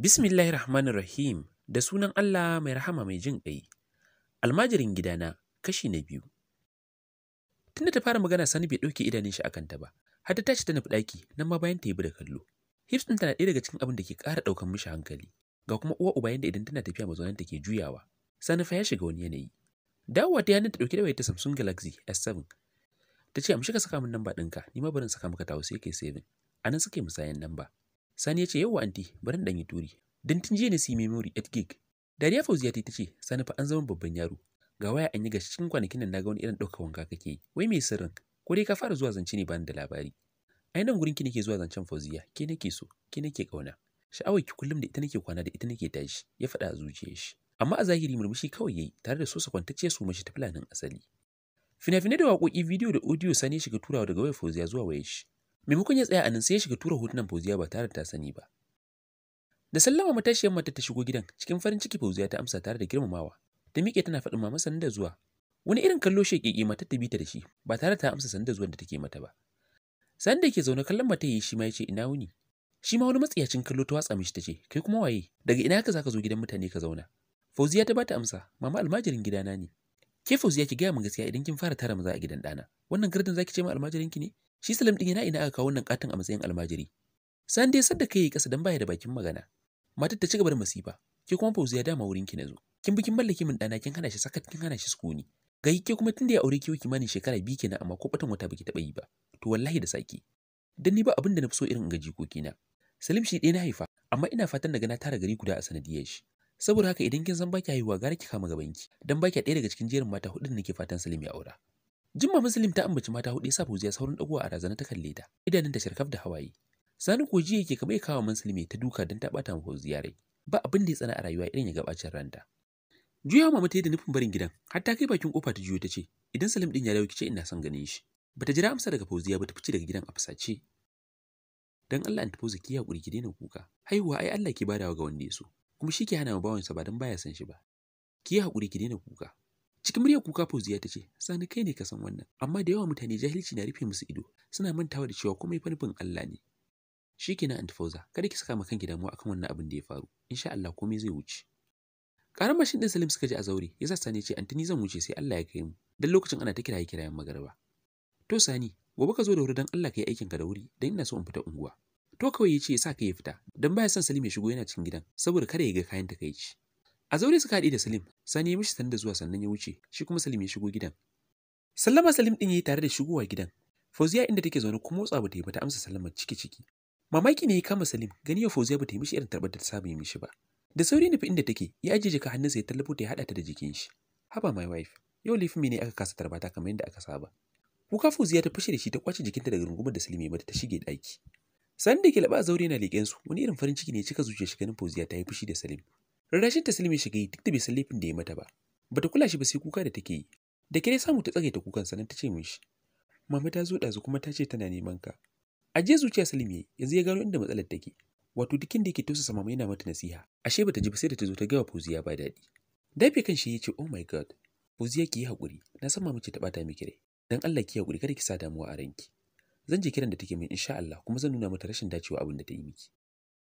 Bismillahir Rahmanir Rahim da sunan Allah mai rahama mai jin ƙai. Almajirin gidana kashi na biyu. Tunda ta fara magana sani bai ɗauke idanun shi akan ta ba, har ta tashi ta nufi ɗaki nan ma bayan ta yi da kallo. Hips ɗin tana ɗaya daga cikin abin da ke ƙara ɗaukan mishi hankali, ga kuma uwa uba yadda idan tana tafiya mazaunan ta ke juyawa. Sani fa ya shiga wani yanayi. Dawowa ta yanin ta ɗauke da wayar ta Samsung Galaxy S7 ta ce amshi ka saka min namba ɗinka ni ma barin saka maka tawo sai kai saving a nan suke namba sani ya ce yawwa anti barin dan yi turi dan tun jiya na si memory 8 gig dariya fauziya ta ce sani fa an zama babban yaro ga waya an yi ga cikin kwanakin nan naga wani irin ɗaukar wanka kake yi wai mai sirrin ko dai ka fara zuwa zance ne bani da labari a nan gurin ki nake zuwa zancen fauziya ke nake so ke nake ƙauna sha'awar ki kullum da ita nake kwana da ita nake tashi ya faɗa a zuciyar shi amma a zahiri murmushi kawai yayi tare da sosa kwantacce su mashi ta fulanin asali Fina-finai da waƙoƙi bidiyo da audio sani shiga turawa daga waya Fauziya zuwa waya shi. Maimakon ya tsaya a nan sai ya shiga tura hotunan Fauziya ba tare da ta sani ba. Da sallama matashiyar mata ta shigo gidan cikin farin ciki Fauziya ta amsa tare da girmamawa. Ta miƙe tana faɗin mama sanin da zuwa. Wani irin kallo sheƙiƙi matar ta bita ta da shi ba tare ta amsa sanin da zuwan da take mata ba. Sani da ke zaune kallon mata yayi shi ma ya ce ina wuni. Shi ma wani matsiyacin kallo ta watsa mishi ta ce kai kuma waye daga ina ka zaka zo gidan mutane ka zauna. Fauziya ta bata amsa mama almajirin gidana ne. Ke ya ki gaya min gaskiya idan kin fara tara maza a gidan ɗana, wannan gardin zaki ce almajirin ki ne? Shi Salim ɗin yana ina aka kawo wannan katon a matsayin almajiri. San dai sadda kai kasa dan baya da bakin magana. Matar ta ci da masifa, ke kuma Fauziya dama wurin ki nazo. Kin bikin mallaki min ɗana kin hana shi sakat kin hana shi sukuni. Gai ke kuma tunda ya aure ki kimanin shekara biyu kenan amma ko batan wata baki taɓa yi ba. To wallahi da saki. Dan ni ba abin da na fi so irin gaji na. Salim shi daya na haifa, amma ina fatan daga na tara gari guda a sanadiyar shi. saboda haka idan kin san baki haihuwa gara ki kama gaban ki dan baki ɗaya daga cikin jerin mata hudun nake fatan Salim ya aura Jimma Muslim ta ambaci mata hudu sa Fauziya saurin dagowa a razana ta kalle ta idanun ta sharkaf da hawaye Sani koji yake kamar kawo Muslim ta duka dan ta bata mu Fauziya rai ba abin da ya tsana a rayuwa irin ya gabacin ranta Juya mama ta yi da nufin barin gidan har ta kai bakin kofa ta juyo ta ce idan Salim din ya dawo kice ina son ganin shi bata jira amsa daga Fauziya ba ta fice daga gidan a fusace dan Allah an tafi zakiya ki daina kuka haihuwa ai Allah ke badawa ga wanda ya so kuma shi ke hana ma bawansa ba don baya san shi ba. Ki yi haƙuri ki daina kuka. Cikin muryar kuka Fauziya ta ce, Sani kai ne ka san wannan, amma da yawa mutane jahilci na rufe musu ido, suna mantawa da cewa komai fanfin Allah ne. Shi ke Aunt Fauza, kada ki saka ma kanki damuwa akan wannan abin da ya faru, insha Allah komai zai wuce. Karan mashin ɗin Salim suka ji a zaure, ya sa Sani ce, Antini zan wuce sai Allah ya kai mu, dan lokacin ana ta kiraye kirayen magarba. To Sani, gobe ka zo da wuri don Allah ka yi aikinka da wuri, dan ina so in fita unguwa. to kawai ya ce ya sa ka ya fita don baya son Salim ya shigo yana cikin gidan saboda kada ya ga kayan takaici. A zaure suka haɗe da Salim, Sani ya mishi sanda zuwa sannan ya wuce, shi kuma Salim ya shigo gidan. Sallama Salim ɗin ya yi tare da shigowa gidan. Fauziya inda take zaune kuma motsa ba ta yi ba ta amsa sallama ciki-ciki. Mamaki ne ya kama Salim, gani ya Fauziya ba ta yi mishi irin tarbar da ta saba yi mishi ba. Da sauri nufi inda take, ya ajiye jaka hannunsa ya tallafo ta ya haɗa ta da jikin shi. Haba my wife, yau laifin ne aka kasa tarbata kamar yadda aka saba. Kuka Fauziya ta fashe da shi ta kwace jikinta daga rungumar da Salim ya mata ta shige ɗaki. Sani da ke zaure na leken su wani irin farin ciki ne cika zuciya shi ganin Fauziya ta yi fushi da Salim. Rarrashin ta Salim ya shiga yi duk da bai san laifin da ya mata ba. Bata kula shi ba sai kuka da take yi. Da kire samu ta ta kukan sanan ta ce mishi. Mama ta zo ɗazu kuma ta ce tana neman ka. Ajiye zuciya Salim ya yanzu ya gano inda matsalar take. Wato dukin da yake tausasa mai yana mata nasiha. Ashe bata ji ba sai da ta zo ta gawa Fauziya ba daɗi. Dafe kan shi ya ce oh my god. Fauziya ki yi hakuri! na san mama ta bata miki rai. Dan Allah ki haƙuri kada ki sa damuwa a ranki. zan je kiran da take min insha Allah kuma zan nuna mata rashin dacewa abin da ta yi miki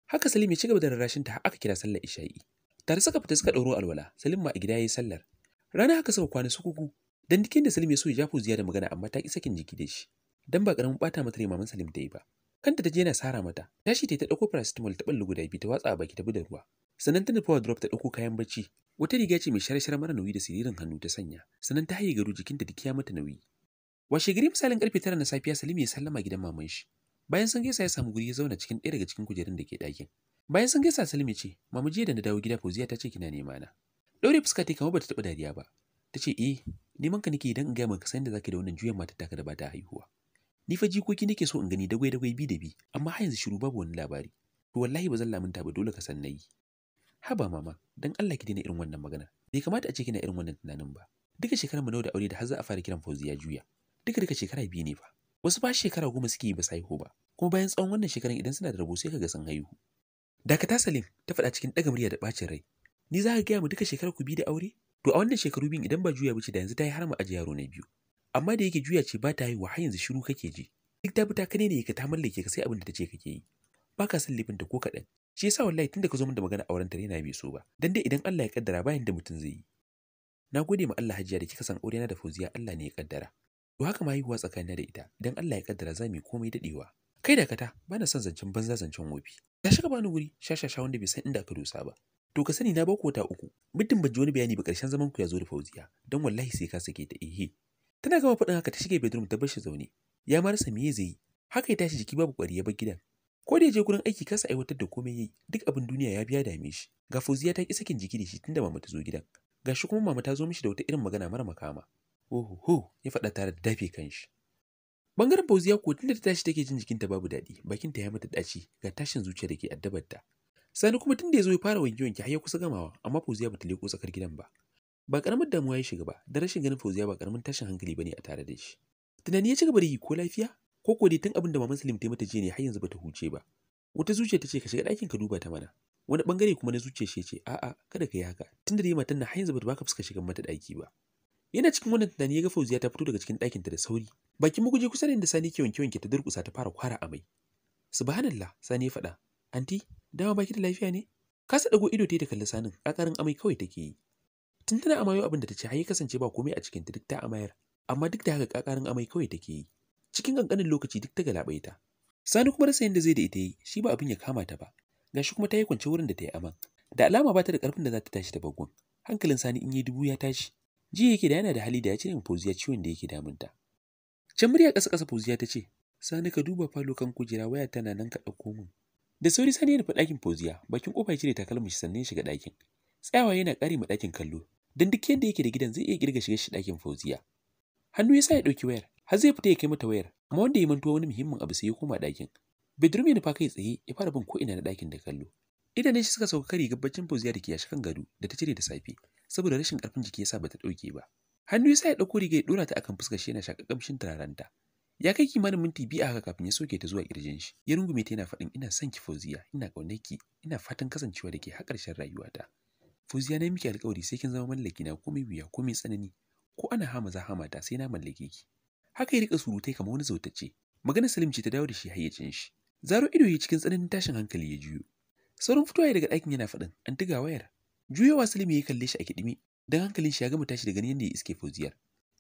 haka Salim ya ci gaba da rarrashin ta aka kira sallar isha'i tare suka fita suka ɗauro alwala Salim ma a gida ya yi sallar rana haka suka kwana sukuku dan dikin da Salim ya so ya jafu ziyara magana amma ta ki sakin jiki da shi dan ba karamin bata mata ne maman Salim ta yi ba kanta ta je yana sara mata tashi ta ta ɗauko paracetamol ta ballu guda biyu ta watsa a baki ta bi da ruwa sannan ta power drop ta ɗauko kayan bacci wata riga ce mai shara mara nauyi da siririn hannu ta sanya sannan ta haye garu jikinta da kiya mata nauyi Washe gari misalin karfe tara na safiya Salim ya sallama gidan maman shi. Bayan sun gaisa ya samu guri ya zauna cikin ɗaya daga cikin kujerun da ke ɗakin. Bayan sun gaisa Salim ya ce, "Mama jiya da na dawo gida Fauziya ta ce kina nema na." Ɗaure fuska ta kamar bata taɓa dariya ba. Ta ce, "Eh, neman ka nake idan in gaya maka san da zaka da wannan juyan matar taka da ba ta haihuwa." Ni fa jikoki nake so in gani dagwai dagwai bi da bi, amma har yanzu shiru babu wani labari. To wallahi ba zan lamunta ba dole ka san yi. Haba mama, dan Allah ki daina irin wannan magana. Bai kamata a ce kina irin wannan tunanin ba. Duka shekarar mu nawa da aure da har za a fara kiran Fauziya juya. duka duka shekara biyu ne ba wasu ba shekara goma suke yi ba su haihu ba kuma bayan tsawon wannan shekaran idan suna da rabo sai kaga sun haihu dakata salim ta faɗa cikin ɗaga murya da ɓacin rai ni za ka gaya mu duka shekarar ku biyu da aure to a wannan shekaru biyun idan ba juya bace da yanzu ta yi har mu aje yaro na biyu amma da yake juya ce ba ta haihuwa har yanzu shiru kake ji duk ta fita kane ne ka ta mallake ka sai abin da ta ce kake yi ba ka son lifin ta ko kaɗan shi yasa wallahi tunda ka zo min da magana auren ta yana bai so ba dan dai idan Allah ya kaddara ba yanda mutum zai yi na gode ma Allah hajiya da kika san aure na da fauziya Allah ne ya kaddara to haka ma haihuwa tsakanin da ita don Allah ya kaddara za mu yi komai daɗewa. kai da kata na son zancen banza zancen wofi ta shiga bani wuri shashasha wanda bai san inda aka dosa ba to ka sani na ba wata uku muddin ban ji wani bayani ba karshen zaman ku ya zo da fauziya don wallahi sai ka sake ta ehe tana gama faɗin haka ta shige bedroom ta bar zaune ya ma rasa me zai yi haka ya tashi jiki babu kwari ya bar gidan ko da ya je gurin aiki kasa aiwatar da komai yayi duk abin duniya ya biya dame shi ga fauziya ta ki sakin jiki da shi tunda mama ta zo gidan gashi kuma mama ta zo mishi da wata irin magana mara makama Ohoho, ya faɗa tare da dafe kanshi. Bangaren Fauziya ko tunda ta tashi take jin jikinta babu daɗi, bakinta ya mata ɗaci ga tashin zuciya da ke addabar ta. Sani kuma tunda ya zo ya fara wanke-wanke har ya kusa gamawa, amma Fauziya bata leƙo tsakar gidan ba. Ba ƙaramin damuwa ya shiga ba, da rashin ganin Fauziya ba ƙaramin tashin hankali ba ne a tare da shi. Tunani ya ci gaba da yi ko lafiya, ko ko dai tun abin da Maman Salim ta yi mata jiya ne har yanzu bata huce ba. Wata zuciya ta ce ka shiga ɗakin ka duba ta mana. Wani bangare kuma na zuciya shi ce a'a kada ka yi haka, tunda dai matan na har yanzu bata baka fuska shiga mata ɗaki ba. Yana cikin wannan tunani ya ga Fauziya ta fito daga cikin ɗakinta da sauri. Bakin maguji kusa da inda Sani ke wanke wanke ta durƙusa ta fara kwara amai. Subhanallah, Sani ya faɗa. Anti, dama baki da lafiya ne? Kasa ɗago ido ta kalli Sanin, ƙaƙarin amai kawai take yi. Tun tana amayo abin da ta ce, har ya kasance ba komai a cikin ta duk ta amayar, amma duk da haka ƙaƙarin amai kawai take yi. Cikin ƙanƙanin lokaci duk ta ta Sani kuma rasa yadda zai da ita yi, shi ba abin ya kama ta ba. Gashi kuma ta yi kwance wurin da ta yi aman. Da alama ba ta da ƙarfin da za ta tashi da bangon. Hankalin Sani in yi dubu ya tashi. Ji yake da yana da hali da ya cire Fauziya ciwon da yake damunta. Can murya ƙasa ƙasa Fauziya ta ce, Sani ka duba falo kan kujera waya tana nan ka ɗauko min. Da sauri Sani ya nufi ɗakin Fauziya, bakin ƙofa ya cire takalmin shi sannan shiga ɗakin. Tsayawa yana ƙari ma ɗakin kallo, don duk yadda yake da gidan zai iya kirga shiga shi ɗakin Fauziya. Hannu ya sa ya ɗauki wayar, har zai fita ya kai mata wayar, amma wanda ya mantuwa wani muhimmin abu sai ya koma ɗakin. Bedroom ya nufa kai tsaye ya fara bin ko'ina na ɗakin da kallo. Idanun shi suka sauka rigar baccin Fauziya da ke kan gado da ta cire da safe. saboda rashin ƙarfin jiki yasa bata ɗauke ba. Hannu yasa ya ɗauko riga ya ɗora ta akan fuskar shi yana shaƙa ƙamshin turarenta. Ya kai kimanin minti biyu a haka kafin ya soke ta zuwa ƙirjin shi. Ya rungume ta yana faɗin ina son ki Fauziya, ina ƙaunar ki, ina fatan kasancewa da ke har ƙarshen rayuwata. Fauziya na miki alƙawari sai kin zama mallaki na komai wuya komai tsanani ko ana hama za hama ta sai na mallake ki. Haka ya rika surutai kamar wani zautacce. Maganar Salim ce ta dawo da shi hayyacin shi. Zaro ido ya cikin tsananin tashin hankali ya juyo. Saurin fitowa daga ɗakin yana faɗin an tiga wayar Juyowa Salim ya kalle shi a kidimi, don hankalin shi ya gama tashi daga yadda ya iske Fauziyar.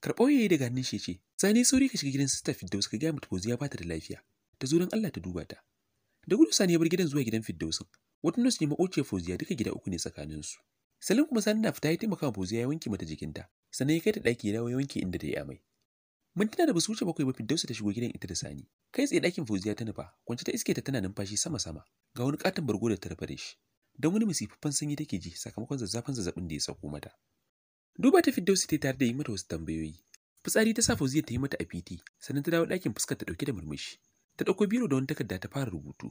Karɓo ya daga hannun shi ce, Sani sauri ka shiga gidan Sister Fiddaus ka gaya mata Fauziya ba ta da lafiya, ta zo Allah ta duba ta. Da gudu Sani ya bar gidan zuwa gidan Firdausin, wata nurse ne maƙociyar Fauziya duka gida uku ne tsakaninsu. Salim kuma Sani na fita ya taimaka wa Fauziya ya wanke mata jikinta, sannan ya kai ta ɗaki ya dawo ya wanke inda ta yi amai. Mintuna da ba su wuce bakwai ba Firdausa ta shigo gidan ita da Sani. Kai tsaye ɗakin foziya ta nufa, kwance ta iske ta tana numfashi sama-sama, ga wani katon bargo da ta shi. don wani masifaffen sanyi take ji sakamakon zazzafin zazzabin da ya sauko mata. Duba ta Firdausi ta tare da yi mata wasu tambayoyi. Fitsari ta sa Fauziya ta yi mata a fiti, sannan ta dawo ɗakin fuskar ta ɗauke da murmushi. Ta ɗauko biro da wani takarda ta fara rubutu.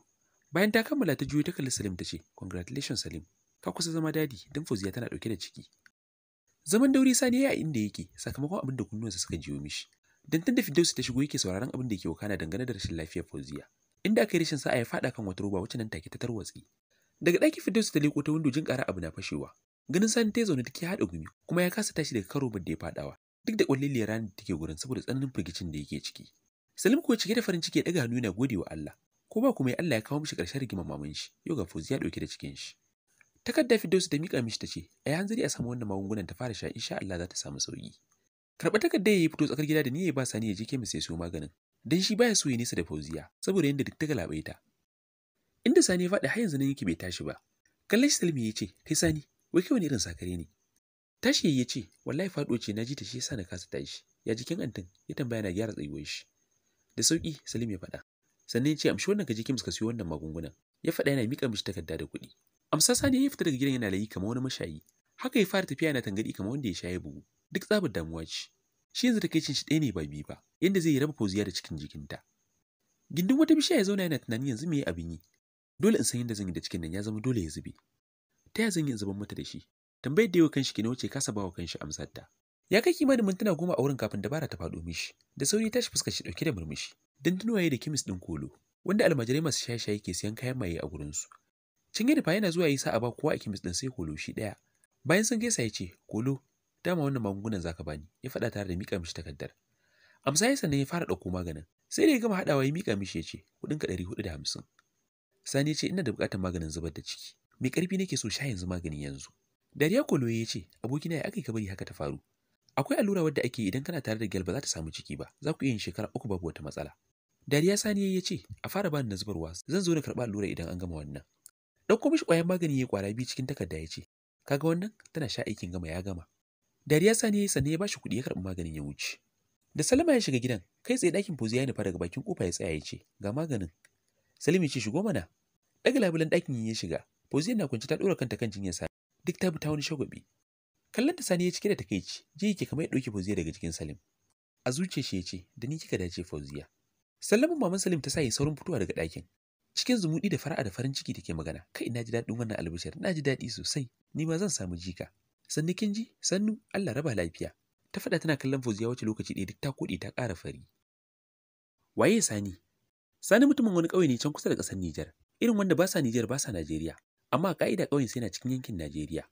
Bayan ta kammala ta juyo ta kalli Salim ta ce, "Congratulations Salim, ka kusa zama dadi don Fauziya tana ɗauke da ciki." Zaman dauri sani ya yi inda yake sakamakon abin da kunnuwansa suka jiyo mishi. Dantan da Firdausi ta shigo yake sauraron abin da yake wakana dangane da rashin lafiyar Fauziya. Inda aka yi rashin sa'a ya faɗa kan wata roba wacce nan take ta tarwatsi. Daga ɗaki su ta leko ta windo jin ƙara abu na fashewa. Ganin sani ta zaune take haɗa gumi kuma ya kasa tashi daga karo da ya faɗawa duk da ƙwalliliyar ranar da take gurin saboda tsananin firgicin da yake ciki. Salim kuwa cike da farin ciki ya ɗaga hannu yana gode wa Allah. Ko ba kuma ya Allah ya kawo mishi ƙarshen rigimar maman shi yau ga fauziya ya ɗauke da cikin shi. Takardar Firdausu ta miƙa mishi ta ce a yi hanzari a samu wannan magungunan ta fara sha insha Allah za ta samu sauƙi. Karɓa takarda ya yi fito tsakar gida da niyyar ba sani ya je kemis ya siyo maganin. Dan shi baya so ya nesa da Fauziya saboda yadda duk ta galabaita inda Sani ya faɗi har yanzu nan yake bai tashi ba. Kallon shi Salmi ya ce, kai Sani, wai kai wani irin sakare ne. Tashi ya ce, wallahi faɗo ce na ji ta shi sa na kasa tashi. Ya jikin antin ya tambaya na gyara tsayuwar shi. Da sauƙi Salmi ya faɗa. Sannan ya ce amshi wannan ka jikin ka siyo wannan magungunan. Ya faɗa yana miƙa mishi takarda da kuɗi. Amsa Sani ya fita daga gidan yana layi kamar wani mashayi. Haka ya fara tafiya yana tangaɗi kamar wanda ya sha ya bugu. Duk tsabar damuwa ce. Shi yanzu takeicin shi ɗaya ne ba biyu ba, yadda zai raba fauziya da cikin jikinta. Gindin wata bishiya ya zauna yana tunanin yanzu me abin yi, dole in san yadda zan yi da cikin nan ya zama dole ya zube ta ya zan yi zuban mata da shi tambayar da yau kanshi ki na kasa bawa kanshi amsar ta ya kai kimanin mintuna goma a wurin kafin dabara ta faɗo mishi da sauri tashi fuskar shi ɗauke da murmushi dandunuwaye da kimis din kolo wanda almajirai masu shaye-shaye ke siyan kayan maye a gurin su cin yadda yana zuwa yi sa'a ba kowa a kimis din sai kolo shi daya bayan sun gaisa ya ce kolo dama wannan magungunan zaka bani ya faɗa tare da mika mishi takardar amsa ya sannan ya fara ɗauko maganin sai da ya gama haɗawa ya mika mishi ya ce kuɗin ka ɗari hudu da hamsin Sani ce ina da buƙatar maganin zubar da ciki. Mai ƙarfi nake so sha yanzu magani yanzu. Dariya Koloye ya ce, abokina ya aka ka bari haka ta faru. Akwai allura wadda ake idan kana tare da gyal ba za ta samu ciki ba, za ku iya yin shekara uku babu wata matsala. Dariya Sani ya ce, a fara bani na zubarwa, zan zo na karɓa allura idan an gama wannan. Ɗauko mishi ƙwayar magani ya ƙwara biyu cikin takarda ya ce, kaga wannan tana sha aikin gama ya gama. Dariya Sani ya sanne ya bashi kuɗi ya karɓi maganin ya wuce. Da Salama ya shiga gidan, kai tsaye ɗakin Fauziya ya nufa daga bakin kofa ya tsaya ya ce, ga maganin, Salim ya ce shigo mana. Daga labulen ɗakin ya shiga, Fauziya na kwanci ta ɗora kanta kan jinyar salim. duk ta bi ta wani shagwabi. Kallon ta Sani ya cike da takeici, ji yake kamar ya ɗauke Fauziya daga jikin Salim. A zuciyar shi ya ce, da ni kika dace Fauziya. Sallamin maman Salim ta sa ya saurin fitowa daga ɗakin. Cikin zumuɗi da fara'a da farin ciki take magana, kai na ji daɗin wannan albishir, na ji daɗi sosai, ni ma zan samu jika. Sannu kin ji, sannu Allah raba lafiya. Ta faɗa tana kallon Fauziya wacce lokaci ɗaya duk ta koɗe ta ƙara fari. Waye Sani? Sani mutumin wani ƙauye ne can kusa da ƙasar Nijar, irin wanda ba sa Nijar ba sa Najeriya, amma a ƙa'ida ƙauyen sai na cikin yankin Najeriya.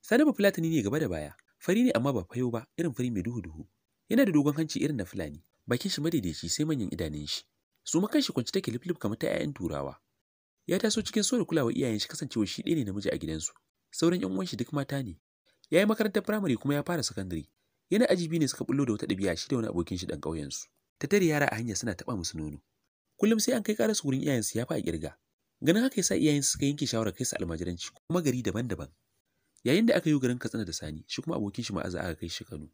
Sani ba Fulatani ne gaba da baya, fari ne amma ba fayo ba, irin fari mai duhu-duhu. Yana da dogon hanci irin na Fulani, bakin shi madaidaici sai manyan idanun shi. Su makan shi kwance take liflif kamar ta 'ya'yan Turawa. Ya taso cikin so da kulawa iyayen shi kasancewa shi ɗaya ne namiji a gidansu. Sauran 'yan uwan shi duk mata ne. Ya yi makarantar firamare kuma ya fara sakandare. Yana ajibi ne suka bullo da wata ɗabi'a shi da wani abokin shi ɗan ƙauyensu. Ta tare yara a hanya suna taɓa musu nono. kullum sai an kai su wurin iyayensu ya a ƙirga ganin haka yasa iyayensu suka yanke shawarar kai su almajiranci kuma gari daban-daban yayin da aka yi garin katsina da sani shi kuma abokin shi ma'aza aka kai shi kano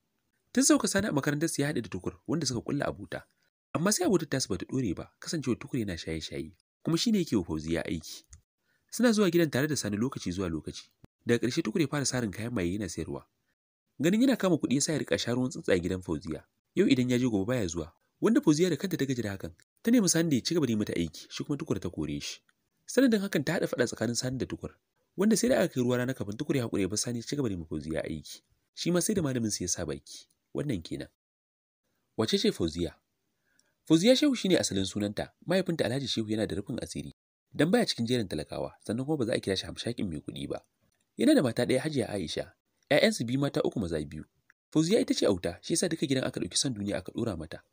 tun sauka sani a makarantar su ya haɗe da tukur wanda suka kulla abota amma sai ta tasu bata ɗore ba kasancewa tukur yana shaye-shaye kuma shine yake wa fauziya aiki suna zuwa gidan tare da sani lokaci zuwa lokaci daga ƙarshe tukur ya fara sarin kayan maye yana sayarwa ganin yana kama kuɗi yasa ya sharuwan tsuntsaye gidan fauziya yau idan ya je gobe baya zuwa wanda Fauziya da kanta ta gaji da hakan ta nemi Sani da ya ci gaba da mata aiki shi kuma Tukur ta kore shi sanadin hakan ta haɗa faɗa tsakanin Sani da Tukur wanda sai da aka kai ruwa rana kafin Tukur ya haƙura ya bar Sani ya ci gaba da yi aiki shi ma sai da malamin sa ya sa baki wannan kenan wace ce Fauziya Fauziya Shehu shi ne asalin sunanta mahaifinta Alhaji Shehu yana da rufin asiri dan baya cikin jerin talakawa sannan kuma ba za a kira shi hamshakin mai kuɗi ba yana da mata ɗaya Hajiya Aisha ‘ya'yansu biyu mata uku maza biyu Fauziya ita ce auta shi yasa duka gidan aka ɗauki son duniya aka ɗora mata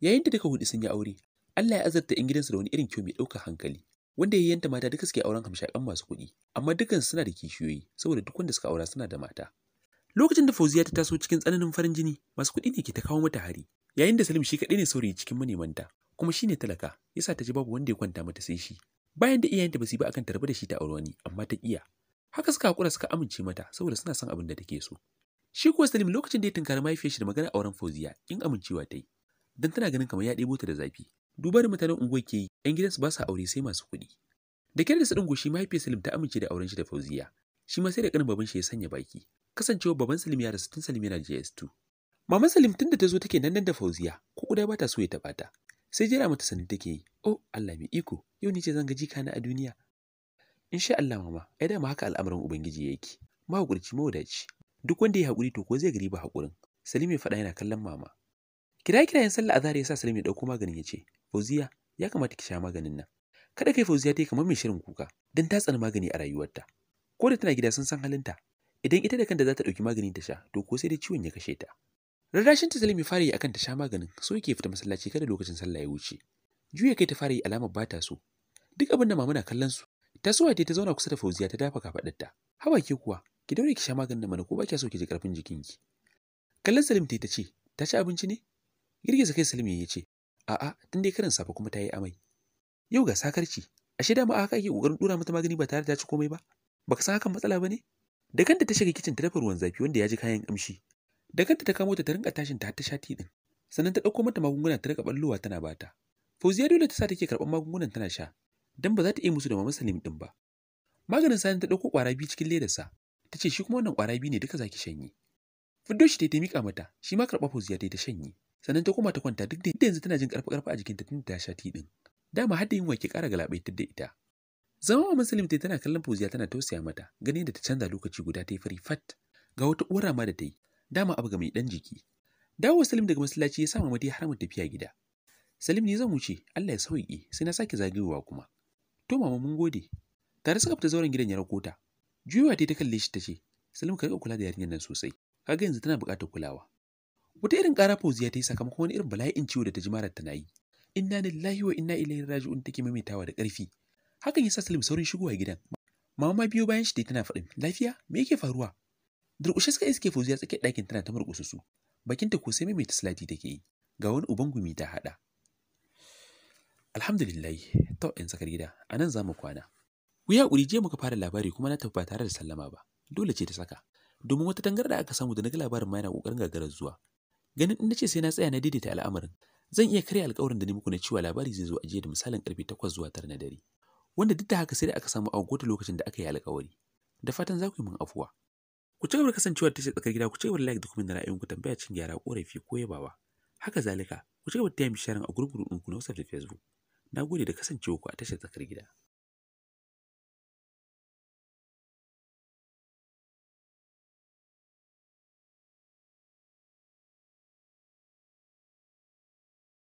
yayin da duka hudu sun yi aure Allah ya azarta in gidansu da wani irin kyau mai ɗaukar hankali wanda ya yanta mata duka suke auren hamshakan masu kuɗi amma dukan suna da kishiyoyi saboda duk wanda suka aura suna da mata lokacin da Fauziya ta taso cikin tsananin farin jini masu kuɗi ne ke ta kawo mata hari yayin da Salim shi kaɗai ne saurayi cikin manemanta kuma shine talaka yasa ta ji babu wanda ya kwanta mata sai shi bayan da iyayenta ba su yi ba akan tarbi da shi ta aure wani amma ta kiya haka suka hakura suka amince mata saboda suna son abin da take so shi kuwa Salim lokacin da ya tunkari mahaifiyar shi da magana auren Fauziya in amincewa ta yi don tana ganin kamar ya ɗebo ta da zafi. Duba da mutanen unguwar ke yi, ‘yan su ba su aure sai masu kuɗi. Da kyar da su ɗingo shi mahaifiyar Salim ta amince da auren shi da Fauziya. Shi ma sai da ƙanin baban shi ya sanya baki. Kasancewa baban Salim ya rasu tun Salim yana JS2. Maman Salim tun da ta zo take nan nan da Fauziya, ko kuda ba ta so ya taɓa ta. Sai jira mata sanin take yi. Oh, Allah mai iko, yau ni ce zan ga jikana a duniya. Insha Allah mama, ai dama haka al'amarin Ubangiji yake. Mahaƙurci mawadaci. Duk wanda ya hakuri to ko zai gari ba hakurin? Salim ya faɗa yana kallon mama. kira kirayen sallah azhar ya sa Salim ya dauko maganin ya ce Fauziya ya kamata ki sha maganin nan kada kai Fauziya ta yi kamar mai shirin kuka don ta tsani magani a rayuwarta ko da tana gida sun san halinta idan ita da kanta za ta dauki maganin ta sha to ko sai dai ciwon ya kashe ta rarrashin ta Salim ya fara yi akan ta sha maganin so yake fita masallaci kada lokacin sallah ya wuce juya kai ta fara yi alamar bata so duk abin da mama na kallon su ta suwa ta zauna kusa da Fauziya ta dafa ta hawa ke kuwa ki daure ki sha maganin mana ko ba kya so ki ji karfin jikinki kallon Salim ta ta ce ta ci abinci ne girgiza kai Salmi ya ce a'a tun dai karin safe kuma ta yi amai yau ga sakarci ashe dama aka yi kokarin dura mata magani ba tare da ta ci komai ba baka san hakan matsala bane da kanta ta shiga kicin ta dafa ruwan zafi wanda ya ji kayan kamshi da kanta ta kamo ta ta rinka tashin ta ta sha tea din sannan ta dauko mata magunguna ta rika ballowa tana bata Fauziya dole ta sa take karban magungunan tana sha dan ba za ta iya musu da mama Salim din ba maganin Sani ta dauko kwara biyu cikin ledarsa ta ce shi kuma wannan kwara biyu ne duka zaki shanye fiddo shi ta miƙa mata shi ma karba Fauziya ta ta shanye sannan ta koma ta kwanta duk da yanzu tana jin karfa karfa a jikinta tun ta sha ti ɗin. dama har da yin wake kara galabaitar da ita zama wa musulun ta tana kallon fuziya tana tausaya mata ganin da ta canza lokaci guda ta yi fari fat ga wata uwar ma da ta yi dama abu ga mai dan jiki dawo salim daga masallaci ya sa mamadi ya haramun tafiya gida salim ne zan wuce Allah ya sauki sai na sake zagayowa kuma to mama mun gode tare suka fita zauren gidan ya ta. juyawa ta kalle shi ta ce salim ka riƙa kula da yarinyar nan sosai kaga yanzu tana buƙatar kulawa wata irin ƙara fauziya ta yi sakamakon wani irin bala'in ciwo da ta ji marar tana yi inna lillahi wa inna ilaihi raji'un take maimaitawa da ƙarfi hakan ya sa salim saurin shigowa gidan mama ma biyo bayan shi dai tana faɗin lafiya me yake faruwa durƙushe suka iske fauziya tsakiyar ɗakin tana ta murƙusa su bakinta ko sai maimaita salati take yi ga wani uban gumi ta haɗa Alhamdulillahi, to in sakar gida anan za mu kwana wuya ƙuri je muka fara labari kuma na tafi ba tare da sallama ba dole ce ta saka domin wata tangarda aka samu da naga labarin ma yana ƙoƙarin gagarar zuwa ganin in nace sai na tsaya na daidaita al'amarin zan iya karya alƙawarin da ni muku na cewa labari zai zo a jiya da misalin karfe 8 zuwa 9 na dare wanda duk da haka sai da aka samu a da lokacin da aka yi alƙawari da fatan za ku yi min afuwa ku ci gaba da kasancewa tashar tsakar gida ku ci gaba da like da kuma da tambaya cin gyara korafi ko yabawa haka zalika ku ci gaba da taya mi sharing a gurgurun ku na WhatsApp da Facebook Na gode da kasancewa ku a tashar tsakar gida